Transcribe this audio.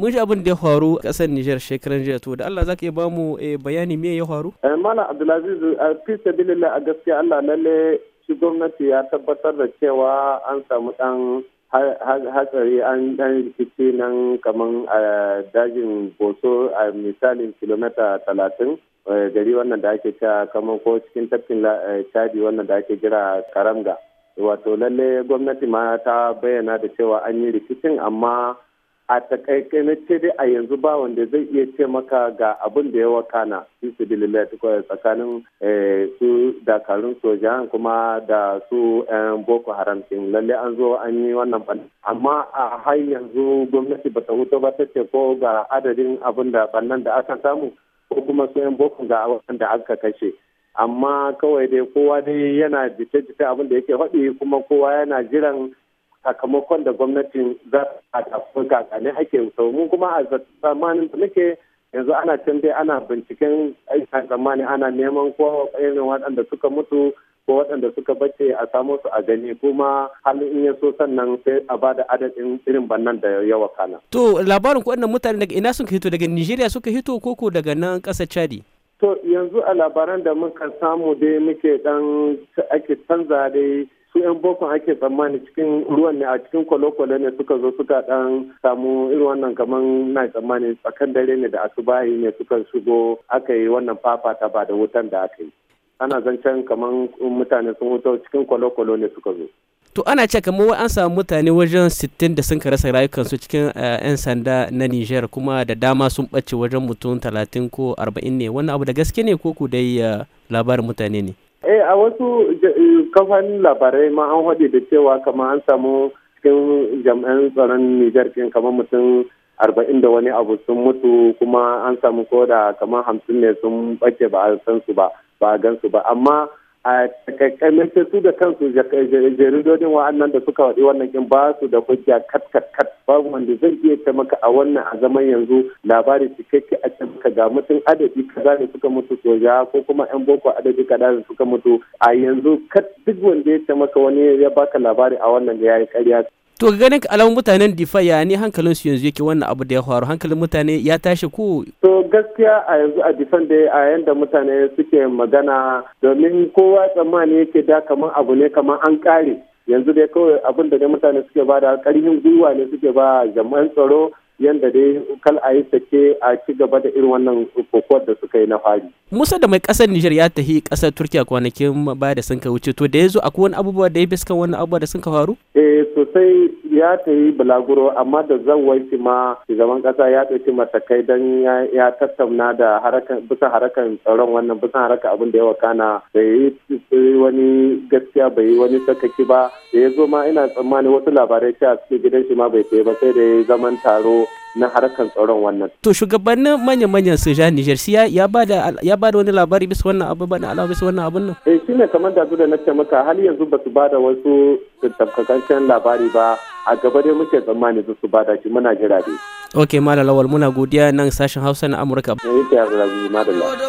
mun ji abin da ya faru kasar Nijar shekaran jiya to da Allah zaka iya bamu eh, bayani me ya faru eh, Malam Abdulaziz a eh, fi a gaskiya Allah lalle shi gwamnati ya tabbatar da cewa an samu dan hatsari an dan rikici nan kaman a dajin boso a misalin kilomita talatin gari wannan da ake cewa kamar ko cikin tafkin chadi wannan da ake jira karamga wato lalle gwamnati ma ta bayyana da cewa an yi rikicin amma a ce dai a yanzu ba wanda zai iya ce maka ga abin da ya wakana fisibilillah tsakanin eh, su dakarun sojan kuma da su yan boko haram din lalle an zo an yi wannan ban amma a har yanzu gwamnati ta hutu ba ta ce ko ga adadin abin da bannan da aka samu ko kuma su yan boko ga da aka kashe amma kawai dai kowa dai yana jita-jita abin da yake faɗi kuma kowa yana jiran sakamakon da gwamnatin za a tafi kakane hakin hake mu kuma a zamanin da nake yanzu ana can ana binciken aikin zamani ana neman ko irin waɗanda suka mutu ko waɗanda suka bace a samu su a gani kuma halin in ya so sannan sai a ba da adadin irin bannan da yawa kana. To labarin ko wannan mutane daga ina suka hito daga Nijeriya suka hito koko daga nan ƙasar Chadi? To yanzu a labaran da muka samu dai muke dan ake canza dai su 'yan boko ake tsammani cikin ruwan ne a cikin kwale ne suka zo suka dan samu irin wannan kaman na tsammani tsakan dare ne da asubahi ne suka shigo aka yi wannan fafata ba da wutan da aka yi ana zancen kaman mutane sun wuto cikin kwale ne suka zo to ana ce kamar wai an samu mutane wajen sittin da sun ka rasa rayukansu cikin eh, 'yan sanda na Niger kuma da dama sun ɓace wajen mutum talatin ko arba'in ne wannan abu da gaske ne ko ku dai eh, labarin mutane ne Eh a wasu eh, kafanin labarai ma an haɗe da cewa kamar an samu cikin jam'an tsaron Nijar ɗin kamar mutum arba'in da wani abu sun mutu kuma an samu koda kamar hamsin ne sun ɓace ba a san su ba ba a gan su ba amma a takaikamance su da kansu jaridodin wa'annan da suka waɗi wannan kin ba su da hujja kat kat kat babu wanda zai iya taimaka maka a wannan a zaman yanzu labari cikakke a ce ka ga mutum adadi kaza ne suka mutu soja ko kuma yan boko adadi kaza ne suka mutu a yanzu duk wanda ya ce maka wani ya baka labari a wannan da ya yi karya to ganin alamun mutanen difa ya ne hankalin su yanzu yake wannan abu da ya faru hankalin mutane ya tashi ko to gaskiya a yanzu a difan da a yanda mutane suke magana domin kowa tsammani yake da kamar abu ne kamar an kare yanzu dai kawai abin da mutane suke ba da karfin gwiwa ne suke ba jama'an tsaro yadda dai kal a yi sake a ci gaba da irin wannan kokowar da suka yi na fari. Musa da mai kasar Nijar ya tafi kasar Turkiya kwanakin baya da sun ka wuce to da ya zo akwai wani abubuwa da ya biska wani abubuwa da sun ka faru? Eh sosai ya ta yi bulaguro amma da zan shi ma shugaban kasa ya ɗauki matakai don ya tattauna da bisa harakan tsaron wannan bisa haraka abin da ya wakana bai yi wani gaskiya bai yi wani sakaki ba da ya zo ma ina tsammani wasu labarai sha cikin gidan shi ma bai ba sai da ya zaman taro na harkar tsaron wannan. To shugabannin manya-manyan soja Nijar siya ya ya bada wani labari bisa wannan abu ba na ala bisa wannan abun nan. Eh shi ne kamar da da na ce maka har yanzu ba su ba da wasu tabbataccen labari ba a gaba dai muke tsammani su bada shi muna jira dai. Ok malam lawal muna godiya nan sashen Hausa na Amurka. Eh ya rabi madalla.